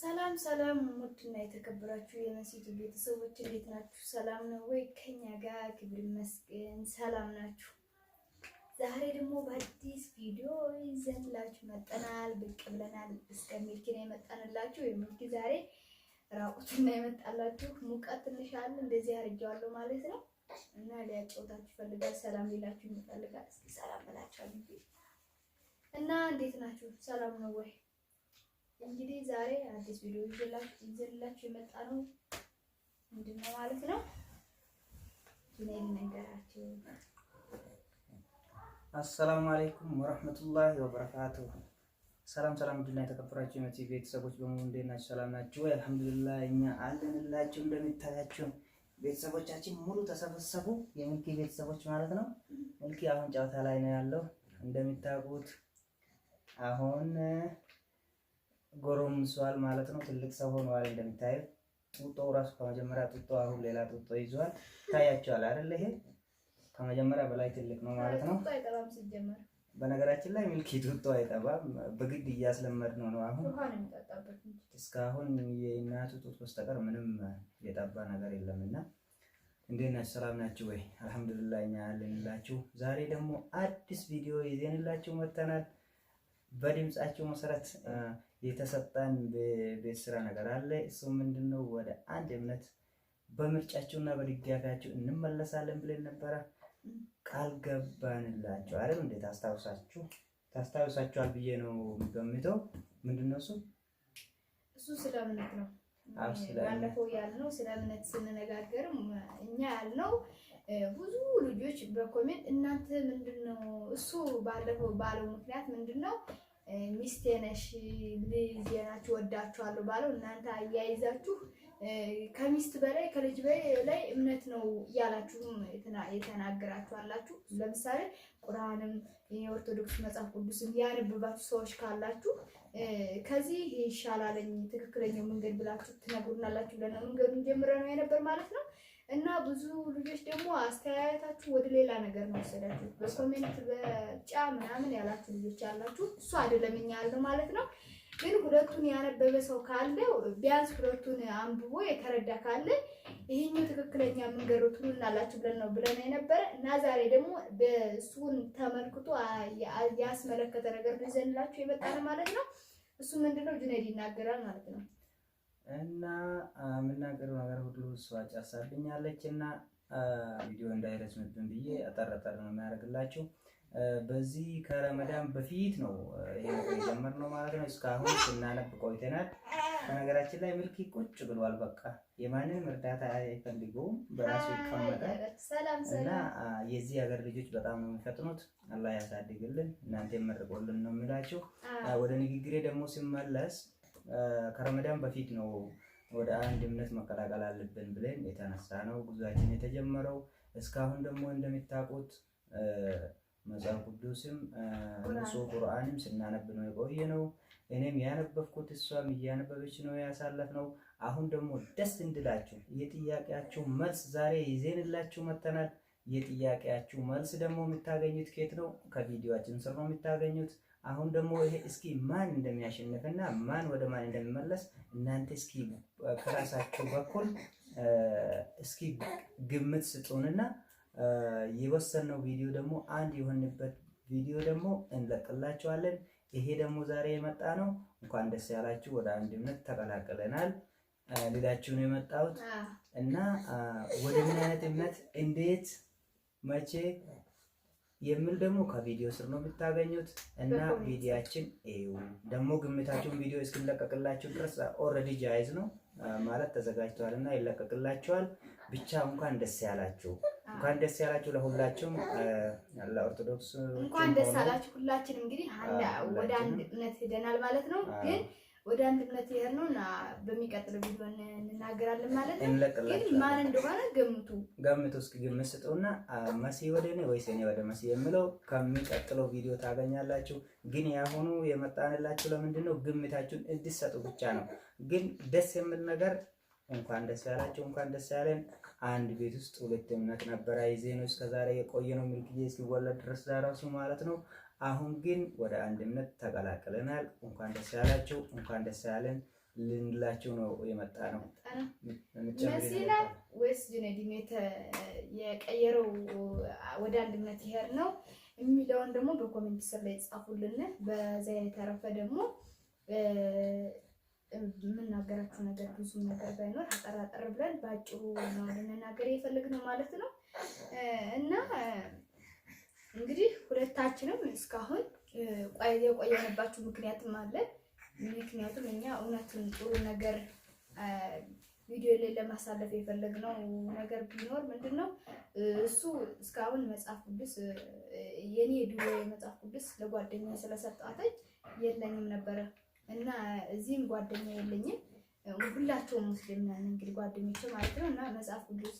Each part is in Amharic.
ሰላም ሰላም፣ ውድና የተከበራችሁ የመሲቱ ቤተሰቦች እንዴት ናችሁ? ሰላም ነው ወይ? ከኛ ጋር ክብር ይመስገን ሰላም ናችሁ። ዛሬ ደግሞ በአዲስ ቪዲዮ ይዘንላችሁ መጠናል፣ ብቅ ብለናል። እስከ ሚልኪ ነው የመጣንላችሁ። የሚልኪ ዛሬ ራቁትና የመጣላችሁ ሙቀት ትንሽ አለ፣ እንደዚህ አርጌዋለሁ ማለት ነው እና ሊያጫውታችሁ ይፈልጋል። ሰላም ሌላችሁ ይፈልጋል። እስኪ ሰላም ብላችኋል እና እንዴት ናችሁ? ሰላም ነው ወይ? እንግዲህ ዛሬ አዲስ ቪዲዮ ይዘላችሁ የመጣ ነው ምንድን ነው ማለት ነው ጂኔል ነገራችሁ። አሰላሙ አለይኩም ወራህመቱላሂ ወበረካቱሁ። ሰላም ሰላም፣ ድና የተከበራችሁ የመቲ ቤተሰቦች በሙሉ እንዴት ናችሁ? ሰላም ናችሁ ወይ? አልሐምዱሊላህ እኛ አለንላችሁ። እንደሚታያችሁ ቤተሰቦቻችን ሙሉ ተሰበሰቡ፣ የምልኪ ቤተሰቦች ማለት ነው። ምልኪ አሁን ጨዋታ ላይ ነው ያለው እንደሚታወቁት አሁን ጎረምሷል ማለት ነው። ትልቅ ሰው ሆኗል። እንደምታየው ጡጦ ራሱ ከመጀመሪያ ጡጦ አሁን ሌላ ጡጦ ይዟል። ይታያቸዋል አይደል? ይሄ ከመጀመሪያ በላይ ትልቅ ነው ማለት ነው። በነገራችን ላይ ሚልኪ ጡጦ አይጠባም፣ በግድ እያስለመድ ነው ነው አሁን እስካሁን የእናቱ ጡት በስተቀር ምንም የጠባ ነገር የለም እና እንዴት ናችሁ? ሰላም ናችሁ ወይ? አልሐምዱሊላህ እኛ አለንላችሁ። ዛሬ ደግሞ አዲስ ቪዲዮ ይዘንላችሁ መጥተናል። በድምጻችሁ መሰረት የተሰጠን ቤት ስራ ነገር አለ። እሱ ምንድነው? ወደ አንድ እምነት በምርጫቸው እና በድጋፊያቸው እንመለሳለን ብለን ነበረ። ቃል ገባንላቸው አይደል? እንዴት ታስታውሳችሁ ታስታውሳችኋል ብዬ ነው የሚገምተው። ምንድነው እሱ እሱ ስለ እምነት ነው። ባለፈው ያልነው ስለ እምነት ስንነጋገርም እኛ ያልነው ብዙ ልጆች በኮሜንት እናንተ ምንድነው እሱ ባለፈው ባለው ምክንያት ምንድነው ሚስቴ ነሽ ልጄ ናችሁ ወዳችኋለሁ ባለው እናንተ አያይዛችሁ ከሚስት በላይ ከልጅ በላይ እምነት ነው እያላችሁ የተናገራችሁ አላችሁ። ለምሳሌ ቁርአንም የኦርቶዶክስ መጽሐፍ ቅዱስም ያነበባችሁ ሰዎች ካላችሁ ከዚህ ይሻላለኝ ትክክለኛው መንገድ ብላችሁ ትነግሩናላችሁ ብለን መንገዱን ጀምረ ነው የነበር ማለት ነው። እና ብዙ ልጆች ደግሞ አስተያየታችሁ ወደ ሌላ ነገር ነው በኮሜንት በጫ ምናምን ያላችሁ ልጆች ያላችሁ እሱ አይደለም እኛ ያለው ማለት ነው። ግን ሁለቱን ያነበበ ሰው ካለ ቢያንስ ሁለቱን አንብቦ የተረዳ ካለ ይህኛው ትክክለኛ መንገድ ትሉናላችሁ ብለን ነው ብለን የነበረ እና ዛሬ ደግሞ እሱን ተመልክቶ ያስመለከተ ነገር ብዘንላችሁ የመጣ ማለት ነው። እሱ ምንድነው ጁነይድ ይናገራል ማለት ነው። እና የምናገረው ነገር ሁሉ እሷ ጨርሳብኛለች እና ቪዲዮ እንዳይረዝምብን ብዬ አጠረጠር ነው የሚያደርግላችሁ። በዚህ ከረመዳን በፊት ነው የጀመር ነው ማለት ነው። እስካሁን ስናነብ ቆይተናል። በነገራችን ላይ ምልኪ ቁጭ ብሏል። በቃ የማንንም እርዳታ አይፈልገውም፣ በራሱ ይቀመጣል እና የዚህ ሀገር ልጆች በጣም ነው የሚፈጥኑት። አላህ ያሳድግልን፣ እናንተ የመርቆልን ነው የሚላችሁ። ወደ ንግግሬ ደግሞ ሲመለስ ከረመዳን በፊት ነው ወደ አንድ እምነት መቀላቀል አለብን ብለን የተነሳ ነው ጉዟችን የተጀመረው። እስካሁን ደግሞ እንደሚታቁት መጽሐፍ ቅዱስም ንጹህ ቁርአንም ስናነብ ነው የቆየ ነው። እኔም ያነበብኩት እሷም እያነበበች ነው ያሳለፍ ነው። አሁን ደግሞ ደስ እንድላችሁ የጥያቄያችሁ መልስ ዛሬ ይዜንላችሁ መተናል። የጥያቄያችሁ መልስ ደግሞ የምታገኙት ኬት ነው? ከቪዲዮችን ስር ነው የምታገኙት። አሁን ደግሞ ይሄ እስኪ ማን እንደሚያሸንፍና ማን ወደ ማን እንደሚመለስ እናንተ እስኪ ከራሳችሁ በኩል እስኪ ግምት ስጡንና የወሰነው ቪዲዮ ደግሞ አንድ የሆንበት ቪዲዮ ደግሞ እንለቅላችኋለን። ይሄ ደግሞ ዛሬ የመጣ ነው። እንኳን ደስ ያላችሁ ወደ አንድ እምነት ተቀላቅለናል ልላችሁ ነው የመጣሁት እና ወደ ምን አይነት እምነት እንዴት መቼ የሚል ደግሞ ከቪዲዮ ስር ነው የምታገኙት እና ቪዲያችን እዩ። ደግሞ ግምታችሁን ቪዲዮ እስክንለቀቅላችሁ ድረስ ኦልሬዲ ጃይዝ ነው ማለት ተዘጋጅተዋል እና ይለቀቅላችኋል። ብቻ እንኳን ደስ ያላችሁ እንኳን ደስ ያላችሁ ለሁላችሁም፣ ለኦርቶዶክስ እንኳን ደስ ያላችሁ። ሁላችን። እንግዲህ ወደ አንድነት ሄደናል ማለት ነው ግን ወደ አንድነት ይሄር ነው እና በሚቀጥለው ቪዲዮ እንናገራለን ማለት ነው። ግን ማን እንደሆነ ገምቱ ገምቱ። እስኪ ግምት ስጡና መሲ ወደ እኔ ወይስ እኔ ወደ መሲ የምለው ከሚቀጥለው ቪዲዮ ታገኛላችሁ። ግን ያሁኑ የመጣንላችሁ ለምንድን ነው ግምታችሁን እንድትሰጡ ብቻ ነው። ግን ደስ የምል ነገር እንኳን ደስ ያላችሁ፣ እንኳን ደስ ያለን። አንድ ቤት ውስጥ ሁለት እምነት ነበረ ይዜ ነው እስከዛሬ የቆየ ነው ሚል ጊዜ እስኪወለድ ድረስ ዛሬው ማለት ነው አሁን ግን ወደ አንድነት ተቀላቅለናል። እንኳን ደስ ያላችሁ፣ እንኳን ደስ ያለን ልንላችሁ ነው የመጣ ነው። ወይስ ጁነዲን የቀየረው ወደ አንድነት ይሄድ ነው የሚለውን ደግሞ በኮሜንት ስር ላይ ጻፉልን። በዛ የተረፈ ደግሞ የምናገራችሁ ነገር ብዙ ነገር ባይኖር አጠራጠር ብለን በአጭሩ ነው ልንናገር የፈለግነው ማለት ነው እና እንግዲህ ሁለታችንም እስካሁን የቆየንባችሁ ምክንያትም አለ። ምክንያቱም እኛ እውነትን ጥሩ ነገር ቪዲዮ ላይ ለማሳለፍ የፈለግነው ነገር ቢኖር ምንድን ነው እሱ እስካሁን መጽሐፍ ቅዱስ የኔ ድሮ መጽሐፍ ቅዱስ ለጓደኛ ስለሰጣተኝ የለኝም ነበረ እና እዚህም ጓደኛ የለኝም። ሁላቸውም ሙስሊም ነን እንግዲህ ጓደኞቼ ማለት ነው እና መጽሐፍ ቅዱስ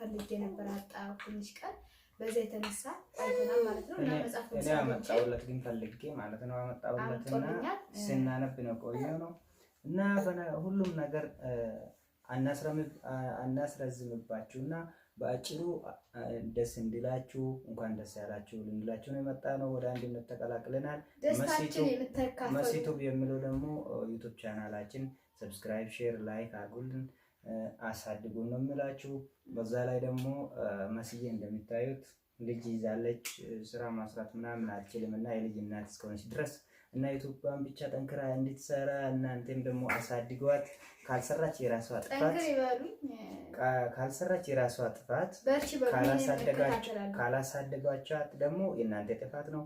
ፈልጌ ነበር አጣ ትንሽ ቀን በዛ የተነሳ አይተናል ማለት ነው። እና መጽሐፍ እኔ አመጣሁለት ግን ፈልጌ ማለት ነው አመጣሁለትና ስናነብ ነው ቆየው ነው እና ሁሉም ነገር አናስረዝምባችሁና በአጭሩ ደስ እንዲላችሁ እንኳን ደስ ያላችሁ ልንላችሁ ነው የመጣ ነው። ወደ አንድነት ተቀላቅለናል። መሲቱብ የሚለው ደግሞ ዩቱብ ቻናላችን ሰብስክራይብ፣ ሼር፣ ላይክ አድርጉልን። አሳድጉ ነው የምላችሁ። በዛ ላይ ደግሞ መስዬ እንደሚታዩት ልጅ ይዛለች። ስራ ማስራት ምናምን አልችልም እና የልጅ እናት እስከሆነች ድረስ እና ኢትዮጵያን ብቻ ጠንክራ እንድትሰራ እናንተም ደግሞ አሳድጓት። ካልሰራች የራሷ ጥፋት፣ ካልሰራች የራሷ ጥፋት፣ ካላሳደጋችኋት ደግሞ የእናንተ ጥፋት ነው።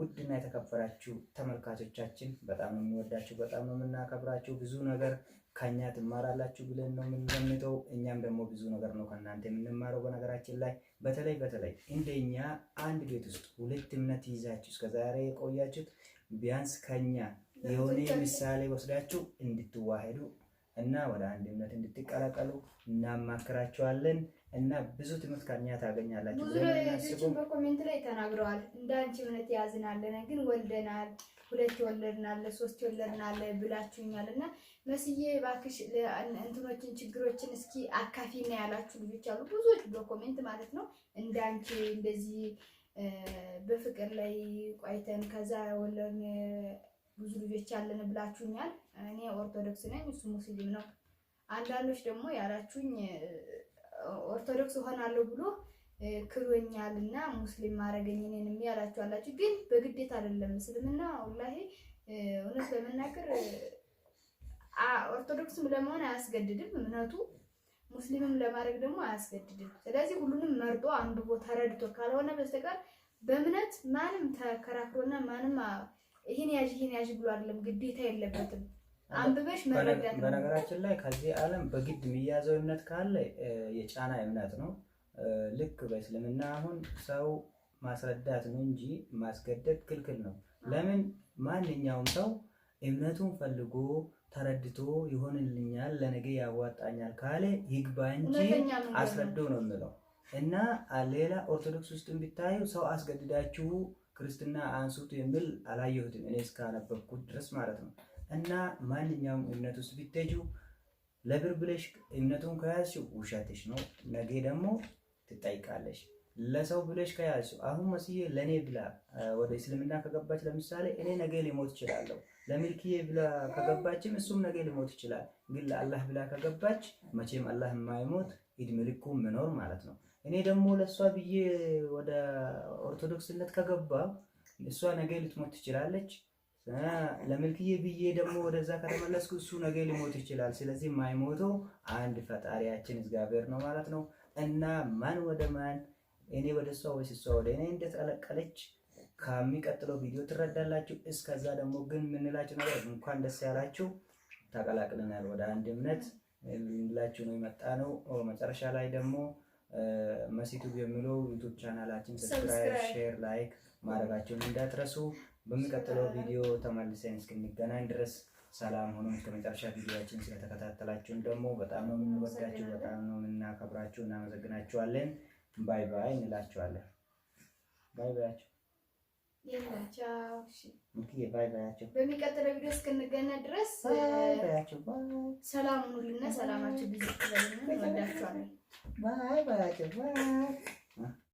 ውድና የተከበራችሁ ተመልካቾቻችን በጣም ነው የሚወዳችሁ፣ በጣም ነው የምናከብራችሁ ብዙ ነገር ከኛ ትማራላችሁ ብለን ነው የምንገምተው። እኛም ደግሞ ብዙ ነገር ነው ከእናንተ የምንማረው። በነገራችን ላይ በተለይ በተለይ እንደኛ አንድ ቤት ውስጥ ሁለት እምነት ይዛችሁ እስከዛሬ የቆያችሁት ቢያንስ ከኛ የሆነ ምሳሌ ወስዳችሁ እንድትዋሄዱ እና ወደ አንድ እምነት እንድትቀላቀሉ እናማክራችኋለን። እና ብዙ ትምህርት ከኛ ታገኛላችሁ። ብዙ ልጆችን በኮሜንት ላይ ተናግረዋል። እንዳንቺ እውነት ያዝናለን፣ ግን ወልደናል፣ ሁለት ወለድናለ፣ ሶስት ወለድናለ ብላችሁኛል። እና መስዬ እባክሽ እንትኖችን ችግሮችን እስኪ አካፊና ያላችሁ ልጆች አሉ፣ ብዙዎች በኮሜንት ማለት ነው። እንዳንቺ እንደዚህ በፍቅር ላይ ቆይተን ከዛ ወለን ብዙ ልጆች አለን ብላችሁኛል። እኔ ኦርቶዶክስ ነኝ፣ እሱ ሙስሊም ነው። አንዳንዶች ደግሞ ያላችሁኝ ኦርቶዶክስ እሆናለሁ ብሎ ክሎኛል እና ሙስሊም ማድረገኝ እኔንም ያላችሁ አላችሁ። ግን በግዴታ አይደለም እስልምና ወላሂ እውነት ለመናገር ኦርቶዶክስም ለመሆን አያስገድድም እምነቱ ሙስሊምም ለማድረግ ደግሞ አያስገድድም። ስለዚህ ሁሉንም መርጦ ቦታ ረድቶ ካልሆነ በስተቀር በእምነት ማንም ተከራክሮና ማንም ይህን ያዥ ይህን ያዥ ብሎ አይደለም ግዴታ የለበትም። አንብበሽ መረዳት። በነገራችን ላይ ከዚህ ዓለም በግድ የሚያዘው እምነት ካለ የጫና እምነት ነው። ልክ በእስልምና አሁን ሰው ማስረዳት ነው እንጂ ማስገደድ ክልክል ነው። ለምን ማንኛውም ሰው እምነቱን ፈልጎ ተረድቶ ይሆንልኛል፣ ለነገ ያዋጣኛል ካለ ይግባ እንጂ አስረዶ ነው የምለው እና ሌላ ኦርቶዶክስ ውስጥ ቢታዩ ሰው አስገድዳችሁ ክርስትና አንሱት የሚል አላየሁትም እኔ እስካነበብኩት ድረስ ማለት ነው። እና ማንኛውም እምነት ውስጥ ቢተጁ ለብር ብለሽ እምነቱን ከያዝሽው ውሸትሽ ነው። ነገ ደግሞ ትጠይቃለሽ። ለሰው ብለሽ ከያዝሽው አሁን መሲዬ ለእኔ ብላ ወደ እስልምና ከገባች ለምሳሌ እኔ ነገ ሊሞት ይችላለሁ። ለሚልክዬ ብላ ከገባችም እሱም ነገ ሊሞት ይችላል። ግን ለአላህ ብላ ከገባች መቼም አላህ የማይሞት እድሜ ልኩ መኖር ማለት ነው። እኔ ደግሞ ለእሷ ብዬ ወደ ኦርቶዶክስነት ከገባ እሷ ነገ ልትሞት ትችላለች። ለምልክዬ ብዬ ደግሞ ወደዛ ከተመለስኩ እሱ ነገ ሊሞት ይችላል። ስለዚህ ማይሞተው አንድ ፈጣሪያችን እግዚአብሔር ነው ማለት ነው። እና ማን ወደ ማን እኔ ወደ እሷ ወይስ እሷ ወደ እኔ እንደተቀለቀለች ከሚቀጥለው ቪዲዮ ትረዳላችሁ። እስከዛ ደግሞ ግን የምንላችሁ ነገር እንኳን ደስ ያላችሁ ተቀላቅለናል ወደ አንድ እምነት ልንላችሁ ነው የመጣ ነው። መጨረሻ ላይ ደግሞ መሲቱ የሚለው ዩቱብ ቻናላችን ሰብስክራይብ፣ ሼር፣ ላይክ ማድረጋችሁን እንዳትረሱ። በሚቀጥለው ቪዲዮ ተመልሰን እስክንገናኝ ድረስ ሰላም ሆኖ እስከ መጨረሻ ቪዲዮችን ስለተከታተላችሁን ደግሞ በጣም ነው የምንወዳችሁ፣ በጣም ነው የምናከብራችሁ። እናመሰግናችኋለን። ባይ ባይ እንላችኋለን። ባይ ባያቸው ባይ ባያቸው። በሚቀጥለው ቪዲዮ እስክንገናኝ ድረስ ሰላም ሰላማችሁ ባይ ባያቸው።